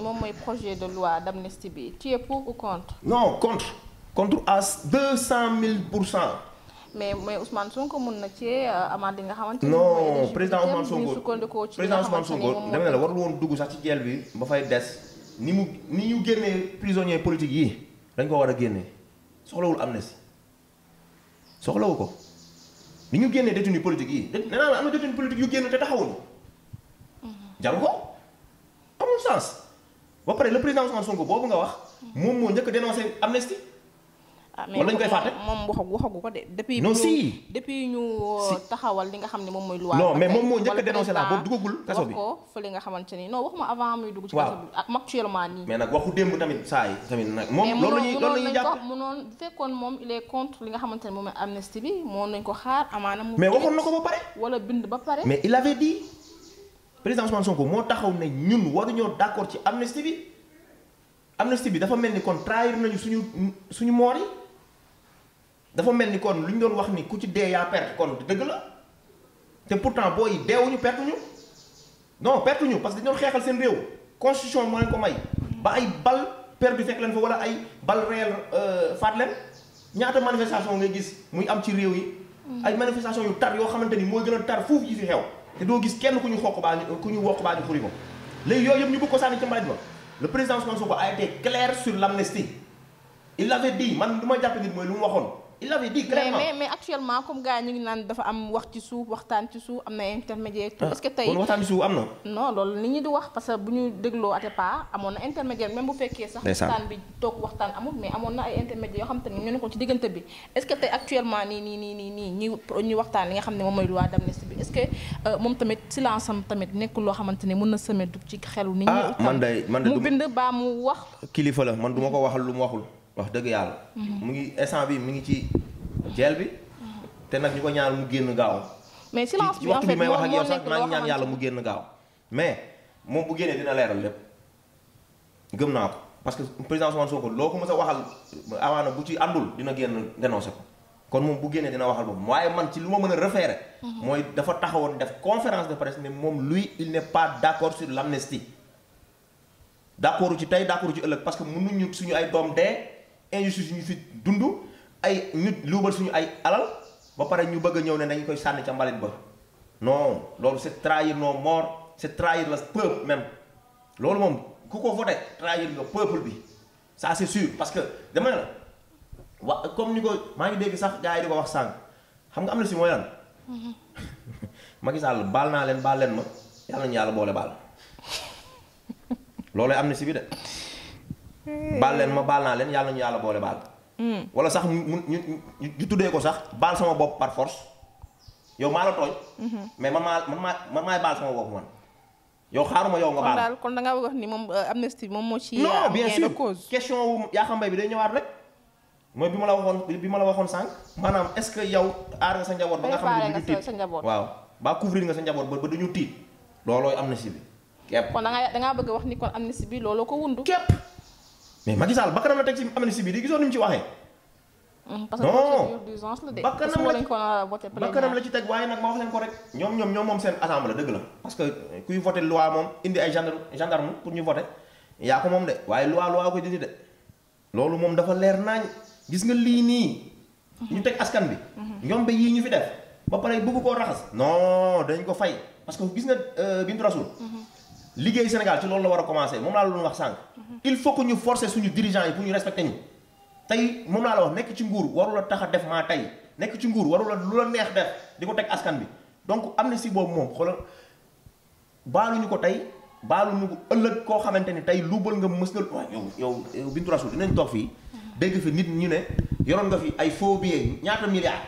ni moom mooy projet de loi d'amnistie bi tu es pour ou contre. non contre contre à deux cent mille pour cent. mais mais Ousmane ko mun na cee euh, amaat li nga xamante no non président Ousmane Sonko ko Ousmane Sonko dama ne la warul woon dugg sax ci jeel bi ba fay des ni mu ni ñu génne prisonniers politiques yi dañ ko war a génne soxlawul amnistie soxlawu ko ni ñu génnee détenus politiques yi nee naa la am na détenus politiques yu génn te taxawuñu. Mhm. jaru ko amul sens. ba pare le président Ousmane Sonko boobu nga wax. moom moo njëkk a dénoncé amnistie. Ah, wala koy fàtte moom waxagu waxagu ko de. depuis non si depuis ñu euh, taxawal li nga xam ne moom mooy. loi non mais moom moo njëkk a dénoncé laa boobu duggagul kaso bi wax ko avant muy dugg ci kaso bi ak actuellement saa yi tamit nag. moom loolu la ñuy loolu la ñuy jàpp mais mënoon fekkoon moom il xamante ne moom mooy amnistie bi moo nañ ko xaar amaana. mu mais waxoon na ko ba pare. wala bind ba pare. mais il avait président Ousmane Sonko moo taxaw ne ñun waruñoo d' accord ci amnistie bi amnistie bi dafa mel ni kon trahir nañu suñu suñu moor yi dafa mel ni kon lu ñu doon wax ni ku ci dee yaa perte kon dëgg la te pourtant booy deewuñu perte ñu non perte ñu parce que dañu xeexal seen réew constitution moo leen ko may ba ay bal perdu fekk leen fa wala ay bal réel euh, faat leen ñaata manifestation ngay gis muy am ci réew yi. Mm. ay manifestation yu tar yoo xamante ni moo gën a tar fuuf yi fi xew. te doo gis kenn ku ñu xokk baa ku ñu wokk baa ñu xuri ko léegi yooyu yëpp ñu bëgg ko sànni ci mbalit ba le président Ousmane Sonko a été clair sur l'amnistie il la dit man lu ma jàpp nit mooy lu mu waxoon il l'avait dit clairement mais mais actuellement comme gars ñu ngi naan dafa am wax ci suuf waxtaan ci suuf am na intermédiaire. Ah, est-ce que tey kon waxtaan loolu li ñu di wax parce que bu ñu dégloo Atépa amoon na intermédiaire même bu fekkee sax. waxtaan bi toog waxtaan amul mais amoon na ay intermédiaire yoo xam te ne ñu ne ko ci diggante bi est-ce que tey actuellement nii nii nii nii nii ñuy ñuy ne moom bi est que euh, moom tamit silence am tamit nekkul loo xamante ne mën na semer ci ni nit ñi ah man day man de mu bind baa mu wax. kilifa la man du ma ko waxal lu mu waxul. wax dëgg yàlla. Mhm. mu ngi instant bi mu ngi ci jeel bi. te nag ñu ko ñaan mu génn gaaw. mais silence bi en fait may wax ak yow sax maa ngi ñaan yàlla mu génn gaaw. mais moom bu génnee dina leeral lépp gëm naa ko parce que président Ousmane Sonko loo ko mës a waxal amaana bu ci àndul dina génn dénoncé ko. kon moom bu génnee dina waxal boobu waaye man ci lu ma mën a référé. Mhm. mooy dafa taxawoon def conférence de presse ne moom lui il n'est pas d'accord sur l'amnistie d'accord ci tey d'accord ci ëllëg parce que mënuñu suñu injustice ñu fi dund ay nit luubal suñu ay alal ba pare ñu bëgg a ñëw ne dañu koy sànni ca mbalit ba non loolu c'est trahir nos morts c'est trahir le peuple même loolu moom ku ko voté trahir le peuple bi saa c'est sûr parce que dama ne wa comme ni ko maa ngi dégg sax gars yi di ko wax sànq xam nga am na si mooy lan mm-hmm. Macky Sall baal naa leen baal leen ma yàlla ñu yàlla boole baal loolay am na si bi de baal leen ma baal naa leen yàlla ñu yàlla boole baal. Mm. wala sax mu ñu ñu tuddee ko sax baal sama bopp par force yow maa la tooñ. Mm-hmm. mais man maa man maa man maay baal sama bopp man. yow xaaruma yow nga baal daal kon da ngaa wax ni moom euh, amnistie moom moo ci. non bien sûr question wu yaa xam mbay bi day ñëwaat bi ma la waxoon bi ma la waxoon sànq. maanaam est-ce que yow aar nga sa njaboot. ba nga xam ne du ñu tiit waaw ba couvrir nga sa njaboot ba du ñu tiit. loolooy amnistie bi képp. kon da ngaa bëgg wax ni kon amnistie bi looloo ko wundu. mais Macky Sall bakkanam la teg ci amnistie bi di gisoon ni mu ci waxee. Mm, que procédure d'urgence la de. Euh, bakkanam la ci teg waaye nag ma wax leen ko rek. ñoom ñoom ñoom moom seen assemblée dëgg la parce que euh, kuy voté loi moom indi ay gendarme gendarme pour ñu voté yaa ko moom de waaye loi loi ko dindi de loolu moom dafa leer naañ gis nga lii nii. Mhm. ñu teg askan bi. ñoom mhm. ba yii ñu fi def. ba pare bëgg koo raxas. non dañ ko fay parce que gis nga euh, Bintou Rassoul. Mhm. liggéey Sénégal ci loolu la war a commencé moom laa la doon wax sànq. il faut que ñu forcer suñu dirigeants yi pour ñu respecter ñu. tey moom laa la wax nekk ci nguur warula tax a def maa tey nekk ci nguur warula lu la neex def di ko teg askan bi donc am na si boobu moom xoolal baaluñu ko tey baaluñu ko ëllëg koo xamante ni tey luubal nga mës nga waaw yow yow Bintou Rassoul dinañ toog fii. dégg fi nit ñu ne yoroon nga fi ay faux billets ñaata milliards.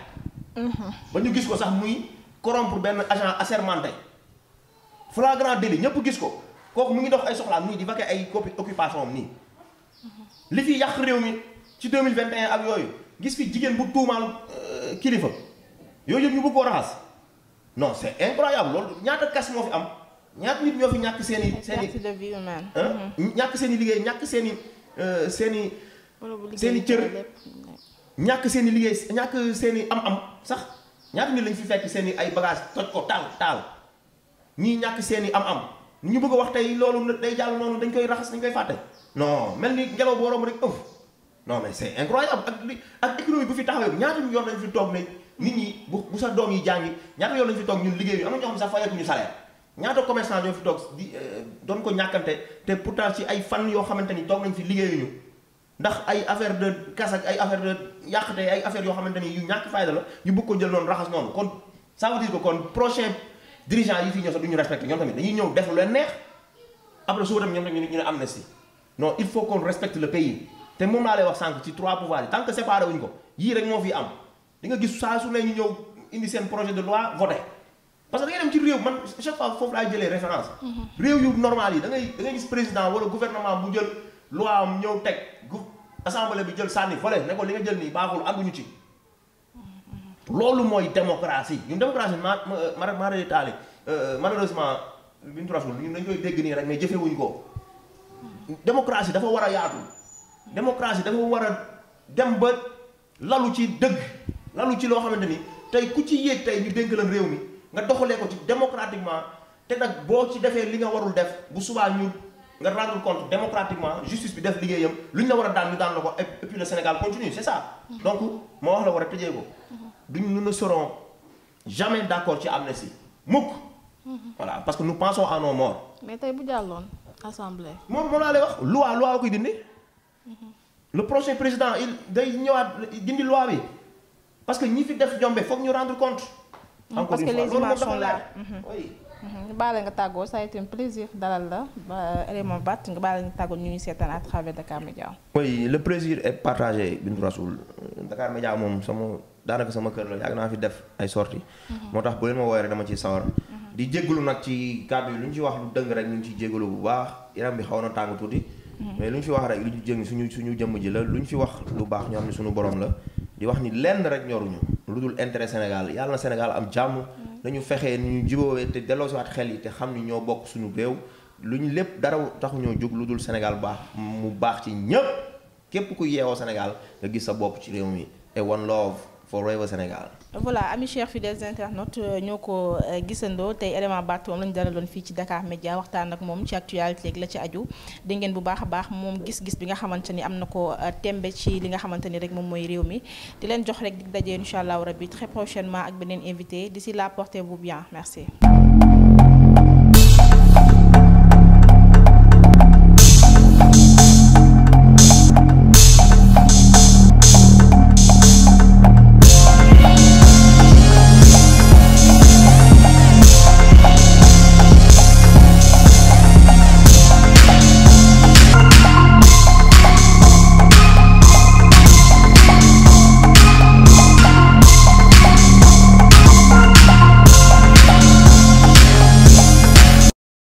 Mhm. ba ñu gis ko sax muy corrompre benn agent assermenté. flagrant délit ñëpp gis ko kooku mu ngi dox ay soxlaam nii di vaquer ay occupation am nii li fi yàq réew mi ci 2021 ak yooyu gis fi jigéen bu tuumaal euh, kilifa yooyu yëpp ñu bëgg koo raxas non c'est incroyable loolu ñaata kas moo fi am ñaata nit ñoo fi ñàkk seen i seen i ñàkk seen i liggéey ñàkk seen i euh, seen i seen i cër ñàkk seen liggéey ñàkk seen i am am sax ñaata nit lañ fi fekk seen i ay bagage toj ko taal taal ñii ñàkk seen i am-am ñu bëgg wax tey loolu day jàll noonu dañ koy raxas dañ koy fàtte non mel ni ngelaw bu rek ëf non mais c'est ak li ak économie fi taxawee bi ñaata yoon lañ fi toog ne nit ñi bu bu sa doom yi jàngi ñaata yoon lañ fi toog ñun liggéey bi am na ñoo xam sax fayeekuñu salaire ñaata commerçant ñoo fi toog di euh, doon ko ñàkkante te pourtant ci ay fan yoo xamante ni toog nañ fi liggéeyuñu ndax ay affaire de kas ak ay affaire de yàqte ay affaire yoo xamante ni yu ñàkk fayda la ñu bëgg ko jël noonu raxas kon ça veut dire que kon prochain dirigent yi fi ñëw sax du ñu respecté ñoom tamit dañuy ñëw def lu leen neex après suba tamit ñoom tamit ñu ne amnistie non il faut qu'on respecte la pays te moom laa lay wax sànq ci trois pouvoirs yi tant que séparé wuñ ko yii rek moo fi am di nga gis saa su ne ñu ñëw indi seen projet de loi voté parce que da ngay dem ci réew man chaque fois foofu laay jëlee référence. Mhm. réew yu normal yi da ngay da ngay gis président wala gouvernement bu jël loi am ñëw teg gu assemblée bi jël sànni volet ne ko li nga jël nii baaxul àgguñu ci. loolu mooy démocratie ñun démocratie ma ma ma rajo taali euh, malheureusement bi ñu rasul ñun dañ koy dégg nii rek mais jëfewuñ ko démocratie dafa war a yaatu démocratie dafa war a dem ba lalu ci dëgg lalu ci loo xamante ni tey ku ci yéeg tey ñu dénk la réew mi nga doxalee ko ci démocratiquement te nag boo ci defee li nga warul def bu subaa ñu nga rendre compte démocratiquement justice bi def liggéeyam lu ñu la war a daan ñu daan la ko et puis le Sénégal continue c'est ça mm-hmm. moo wax la war a tëjee ko mm-hmm. du nous ne serons jamais d'accord ci amnistie mukk voilà parce que nous pensons à nos morts. mais tey bu jàlloon assemblée. moom moom laa lay wax loi loi koy dindi. Mhm. le prochain président il day ñëwaat dindi loi bi parce que ñi fi def jombe foog ñu rendre compte. Mhm, encore une fois loolu moom dafa mhm. nga tàggoo ça a été un plaisir dalal la ba élément bat nga baale nga tàggoo ñu ngi seetaan à travers Dakar Média. oui le plaisir est partagé Bintou Rassoul euh, Dakar Média moom sama. daanaka sama kër la yàgg naa fi def ay sorti mhm. moo tax bu ma woowee rek dama ciy sawar mhm. di jégalu nag ci kàddu yi lu ñu ci wax lu dëng rek ñu ngi ciy jégalu bu baax yaram bi xaw na tàng tuuti mhm. mais lu ñu fi wax rek lu ñu jëng suñu suñu jëmm ji la lu ñu fi wax lu baax ñoo xam ne suñu borom la di wax ni lenn rek ñoruñu lu dul intérêt Sénégal yàlla na Sénégal am jàmm nañu fexee ni ñu jiboowee te delloo si waat xel yi te xam ni ñoo bokk suñu réew lu ñu lépp dara taxuñoo jóg lu dul Sénégal baax mu baax ci ñëpp képp ku yeewoo Sénégal nga gis sa bopp ci réew mi Forever Sénégal. voilà ami chers fidèles internautes ñoo ko euh, gisandoo tey élément Batt moom la ñu dalaloon fii ci Dakar Média waxtaan ak moom ci actualité ak la ci aju dégg ngeen bu baax a baax moom gis-gis bi nga xamante ni am na ko euh, tembe ci li nga xamante ni rek moom mooy réew mi di leen jox rek dig daje incha allah rabi très prochainement ak beneen invité d'ici là portez-vous bien merci.